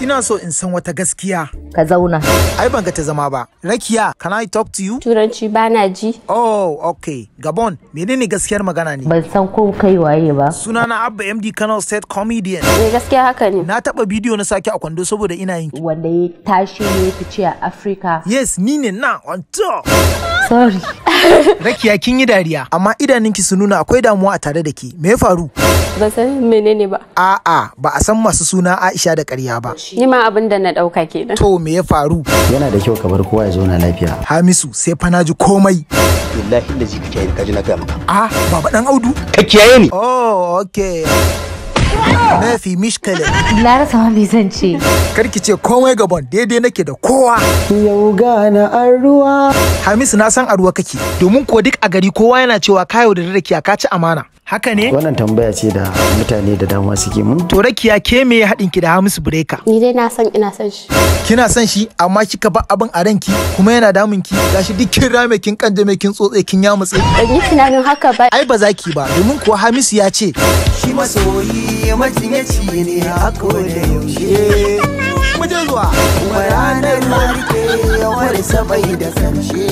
Ina so in san wata gaskiya. Ka zauna. Ai ban ga ta zama ba. Rakiya, can I talk to you? Turanci ba na ji. Oh, okay. Gabon, menene gaskiyar magana ne? Ban san ko kai waye ba. Sunana Abba MD Kano State Comedian. Eh gaskiya haka ne. Na taba bidiyo na sake a kwando saboda ina yin. Wanda ya tashi ne fice a Africa. Yes, ni ne na on top. sorry rakiya kin yi dariya amma idanunki su nuna akwai damuwa a tare da ke me ya faru ba san menene ba a'a ba a san masu suna Aisha da ƙarya ba ni ma abin da na ɗauka kenan to me ya faru yana da kyau ka bar kowa ya zauna lafiya Hamisu sai fa naji komai billahi da ji kake ka ji na gama. maka ah, baba dan Audu ka kiyaye ni oh okay na fi mishkala larasa ma bai zan ce karki ce komai gabon daidai nake da kowa yau gana an ruwa hamisu na san a ruwa kake domin ko duk a gari kowa yana cewa kayo da kiya ka ci amana haka ne wannan tambaya ce da mutane da dama suke mun to rakiya ke me haɗin ki da hamisu breka ni dai na san ina san shi kina san shi amma kika ba abin a ranki kuma yana damun ki gashi duk kin rame kin kanje kin tsotse kin mutse. ban yi tunanin haka ba ai ba za ki ba domin kuwa hamisu ya ce shi masoyi macinyaci ne a da yaushe muje zuwa kuma ranar warke yawar sabai da karshe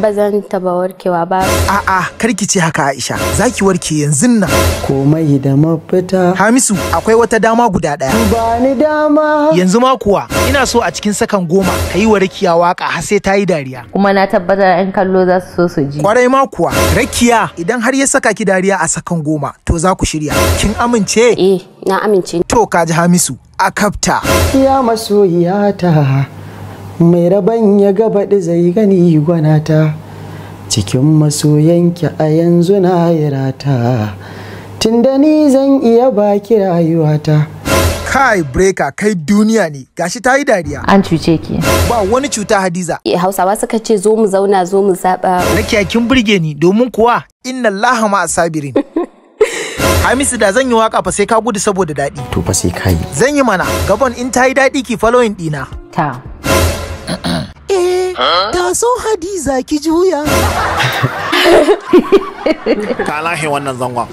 ba zan taba warkewa ba a'a kar ki ce haka Aisha zaki warke yanzu nan komai da mafita Hamisu akwai wata dama guda ɗaya. ba ni dama yanzu ma kuwa ina so a cikin sakan goma ka yi wa rakiya waka har sai ta yi dariya kuma na tabbata yan kallo za su so su ji kwarai ma kuwa rakiya idan har ya saka ki dariya a sakan goma to za ku shirya kin amince eh na amince to kaji Hamisu a kafta ya ta. mai raban ya gabaɗi zai gani ta, cikin masoyanki a yanzu na yarata tun da ni zan iya baki rayuwata kai breka kai duniya ne gashi ta yi dariya an cuce ki ba wani cuta hadiza eh hausawa suka ce zo mu zauna zo mu zaba na kin burge ni domin kuwa inna laha ma asabirin Hamisu da zan yi waka fa sai ka gudu saboda daɗi. To fa sai ka Zan yi mana, Gabon in ta yi daɗi ki following ɗina. Ta. taso hadiza ki juya lahe wannan zangon